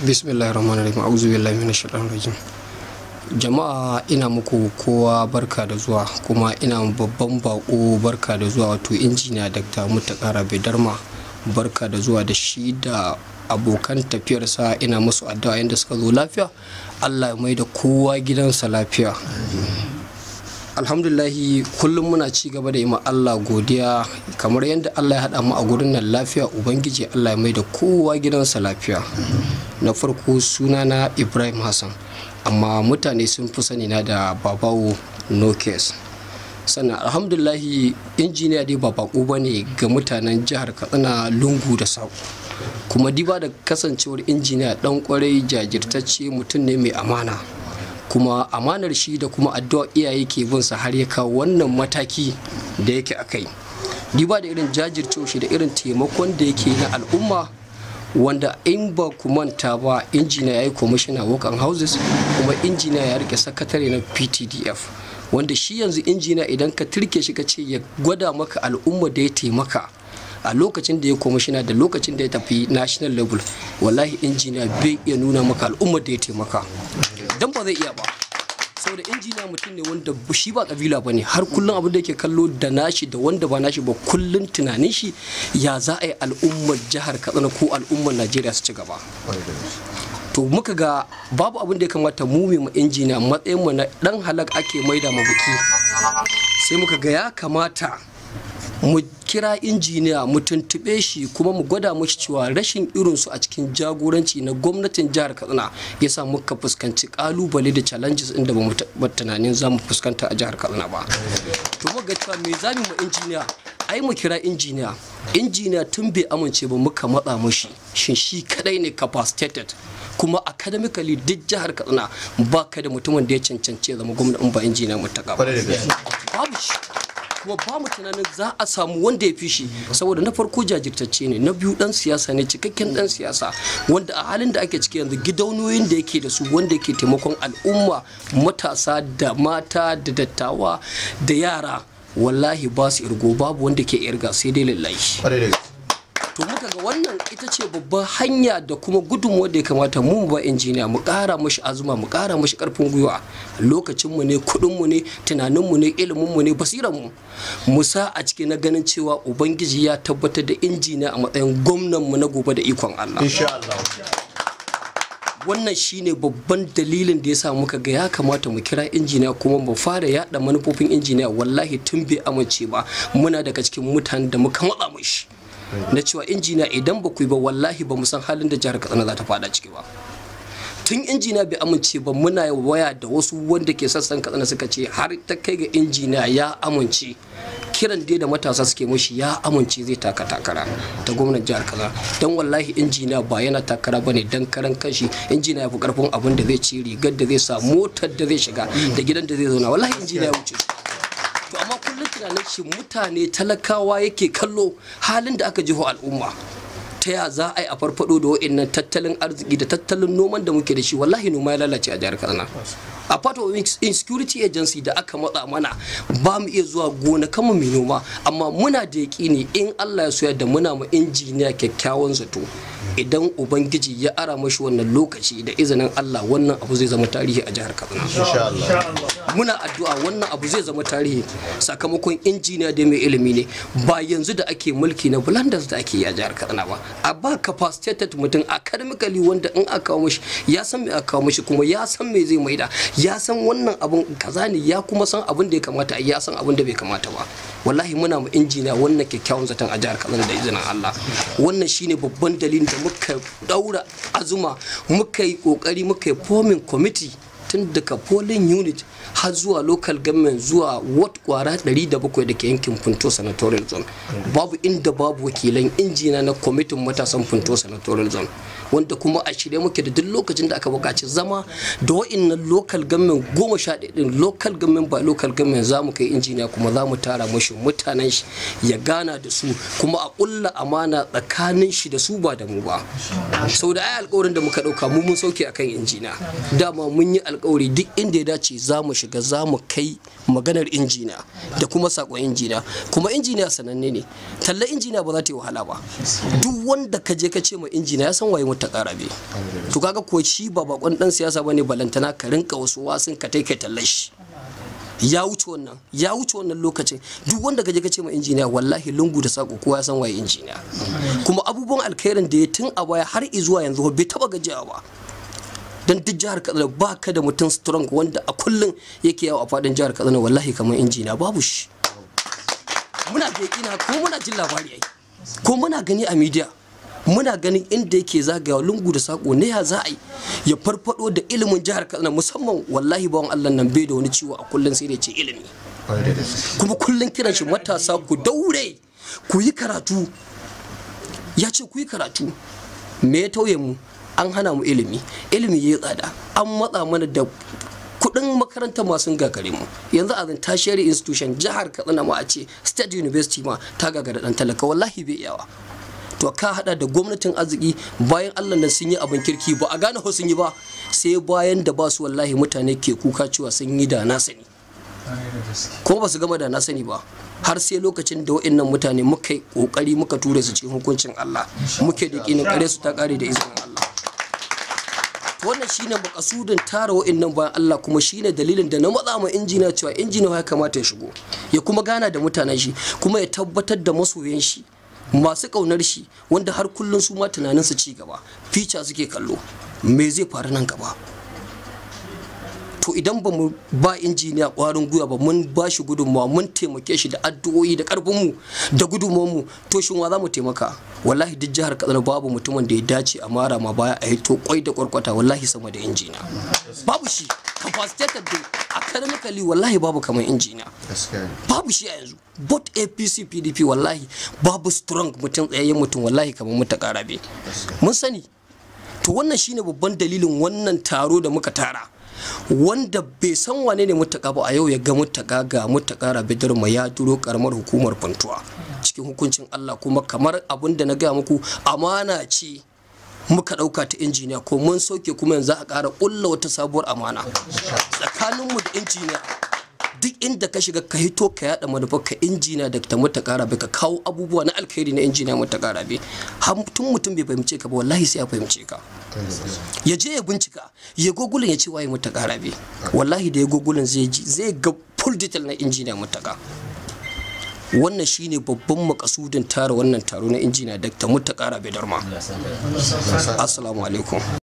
bismillahir rahmanir rahim a'udhu billahi minash shaitanir rajim jama'a ina muku kowa barka da zuwa kuma ina babban bako barka da zuwa wato injiniya dr mutakara darma barka da zuwa da shi da abokan tafiyarsa ina musu addu'a yadda suka zo lafiya allah ya mai da kowa gidansa lafiya alhamdulahi kullum muna ci gaba da yi Allah godiya kamar yadda Allah ya haɗa mu a gurin nan lafiya ubangiji Allah ya mai da kowa gidansa lafiya na farko sunana ibrahim hassan amma mutane sun fi sani na da babawo no case sannan alhamdulahi injiniya dai ba bako ba ne ga mutanen jihar katsina lungu da sako kuma diba da kasancewar injiniya dan kwarai jajirtacce mutum ne mai amana kuma amanar shi da kuma addu'a iyaye ke bin sa har ya kawo wannan mataki da yake kai diba da irin jajircewa shi da irin taimakon da yake na al'umma wanda in ba ku manta ba injiniya ya yi commissioner work and houses kuma injiniya ya rike sakatare na ptdf wanda shi yanzu injiniya idan ka turke shi ka ce ya gwada maka al'umma da ya taimaka a lokacin da ya komishina da lokacin da ya tafi national level wallahi injiniya bai iya nuna maka al'umma da ya taimaka don ba zai iya ba saboda injiniya mutum ne wanda shi ba kabila ba ne har kullum abin da yake kallo da nashi da wanda ba nashi ba kullum tunanin shi ya za a yi al'ummar jihar katsina ko al'ummar najeriya su ci gaba to muka ga babu abin da ya kamata mu ma injiniya matsayin mu na dan halak ake maida mabuki sai muka ga ya kamata mu kira injiniya mu tuntube shi kuma mu gwada mashi cewa rashin irin su a cikin jagoranci na gwamnatin jihar katsina ya sa muka fuskanci kalubale da challenges inda ba tunanin za mu fuskanta a jihar katsina ba to mu ga cewa me za mu injiniya ai mu kira injiniya injiniya tun bai amince ba muka matsa mushi shin shi kadai ne capacitated kuma academically duk jihar katsina ba ka da mutumin da ya cancance zama gwamnatin ba injiniya mutaka babu kuma ba mu tunanin za a samu wanda ya fi shi saboda na farko jajirtacce ne na biyu dan siyasa ne cikakken dan siyasa wanda a halin da ake ciki yanzu gidauniyoyin da yake da su wanda yake taimakon al'umma matasa da mata da dattawa da yara wallahi ba su irgo babu wanda ke irga sai dai lallai. wannan ita ce babban hanya da kuma gudunmuwa da ya kamata mu ba injiniya mu kara mashi azuma mu kara mashi karfin gwiwa lokacin mu ne kudin mu ne tunanin mu ne ilimin mu ne basiran mu mu sa a cikin na ganin cewa ubangiji ya tabbatar da injiniya a matsayin gwamnan mu na gobe da ikon Allah insha wannan shine babban dalilin da yasa muka ga ya kamata mu kira injiniya kuma mu fara yada manufofin injiniya wallahi tun bai amince ba muna daga cikin mutanen da muka matsa mishi na cewa injina idan ba ku yi ba wallahi ba musan san halin da jihar katsina za ta fada ciki ba tun injina bai amince ba muna waya da wasu wanda ke sassan katsina suka ce har ta kai ga injina ya amince kiran dai da matasa suke mushi ya amince zai taka takara ta gwamnan jihar kaza don wallahi injina ba yana takara ba ne don karan kanshi injina ya fi karfin abin da zai ci rigar da zai sa motar da zai shiga da gidan da zai zauna wallahi injina ya wuce to amma tunanin shi mutane talakawa yake kallo halin da aka jiho al'umma ta ya za a yi a farfado da wa'annan tattalin arziki da tattalin noman da muke da shi wallahi noma ya lalace a jihar kaduna a part of insecurity agency da aka matsa mana ba mu iya zuwa gona kama mai noma amma muna da yaƙini in Allah ya soya da muna ma injiniya kyakkyawan zato idan ubangiji ya ara mashi wannan lokaci da izinin Allah wannan abu zai zama tarihi a jihar Kaduna muna addu'a wannan abu zai zama tarihi sakamakon injiniya da mai ilimi ne ba yanzu da ake mulki na Blanders da ake yi a jihar Kaduna ba a ba capacitated mutum academically wanda in aka kawo mashi ya san me aka mashi kuma ya san mai zai maida ya san wannan abun kaza ne ya kuma san abin da ya kamata ya san abin da bai kamata ba wallahi muna mu injiniya wannan kyakkyawan zaton a jihar Katsina da izinin Allah wannan shine babban dalilin da muka daura azuma muka yi kokari muka yi forming committee tun daga polling unit har zuwa local government zuwa wat kwara 700 da ke yankin punto senatorial zone babu inda babu wakilan injina na kwamitin matasan punto senatorial zone wanda kuma a shirya muke da duk lokacin da aka buƙaci zama da wa'annan lokal government goma sha ɗaya local government ba local government za mu kai injiniya kuma za mu tara mashi mutanen shi ya gana da su kuma a ƙulla amana tsakanin shi da su ba da mu ba sau da ai alƙawarin da muka ɗauka mu mun sauke akan injina dama mun yi alƙawari duk inda ya dace za mu shiga za mu kai maganar injiniya da kuma sakon injiniya kuma injiniya sananne ne talla injina ba za ta yi wahala ba duk wanda ka je ka ce ma injina ya san waye mutum ta taqarabi to kaga ko shi ba bakon dan siyasa bane balantana ka rinka wasu wasin ka kai tallar shi ya wuce wannan ya wuce wannan lokacin duk wanda kaje ce ma injiniya wallahi lungu da sako kowa ya san waye injiniya kuma abubuwan alkhairin da ya tun a baya har zuwa yanzu bai taba gajiya ba dan duk jihar Katsina ba ka da mutum strong wanda a kullum yake yawo a fadin jihar Katsina wallahi kamar injiniya babu shi muna da yakina ko muna jin labari ai ko muna gani a media muna ganin inda yake zagayawa lungu da sako ne ya za ya farfado da ilimin jihar katsina musamman wallahi bawan allah nan bai da wani ciwo a kullum sai da ce ilimi kuma kullum kiran shi matasa ku daure ku yi karatu ya ce ku yi karatu me ya tauye mu an hana mu ilimi ilimi ya tsada an matsa mana da kudin makaranta masu gagare mu yanzu a tertiary institution jihar katsina ma a ce state university ma ta gagara dan talaka wallahi bai iyawa to ka hada da gwamnatin arziki bayan allah na sun yi abin kirki ba a gane ho sun yi ba sai bayan da ba su wallahi mutane ke kuka cewa sun yi da na sani ko ba su gama da na sani ba har sai lokacin da wa'annan mutane muka yi kokari muka tura su cikin hukuncin allah muke da kinin kare su ta kare da izinin allah wannan shine makasudin tara wa'annan bayan Allah kuma shine dalilin da na matsa ma injina cewa injina ya kamata ya shigo ya kuma gana da mutanen shi kuma ya tabbatar da masoyan shi masu ƙaunar shi wanda har kullum su ma tunaninsa ci gaba fica suke kallo me zai faru nan gaba to idan ba mu ba injiniya ƙwarin gwiwa ba mun ba shi gudunmawa mun taimake shi da addu'o'i da ƙarfinmu da mu, to shin wa za mu taimaka wallahi duk jihar katsina babu mutumin da ya dace a mara ma baya a hito kwai da kwarkwata wallahi sama da injiniya. babu shi capacitated karanikali wallahi babu kamar injiniya babu shi a yanzu both apc pdp wallahi babu strong mutum tsayayyen mutum wallahi kamar muta karabe mun sani to wannan shine babban dalilin wannan taro da muka tara wanda bai san wane ne mutaka ba a yau ya ga mutaka ga mutaka rabe durma ya duro karamar hukumar kuntuwa cikin hukuncin Allah kuma kamar abin da na gaya muku amana ce muka ɗauka ta injiniya ko mun sauke kuma yanzu a ƙara ƙulla wata sabuwar amana tsakaninmu da injiniya duk inda ka shiga ka hito ka yaɗa manufa ka injiniya da ta mutu kara ka kawo abubuwa na alkhairi na injiniya mutu kara bai tun mutum bai fahimce ka ba wallahi sai ya fahimce ka ya je ya bincika ya gogulin ya ce waye mutu kara bai wallahi da ya gogulin zai ga full detail na injiniya mutu mata wannan shine babban makasudin tara wannan taro na injina dakta mutakara kara bedarma assalamu alaikum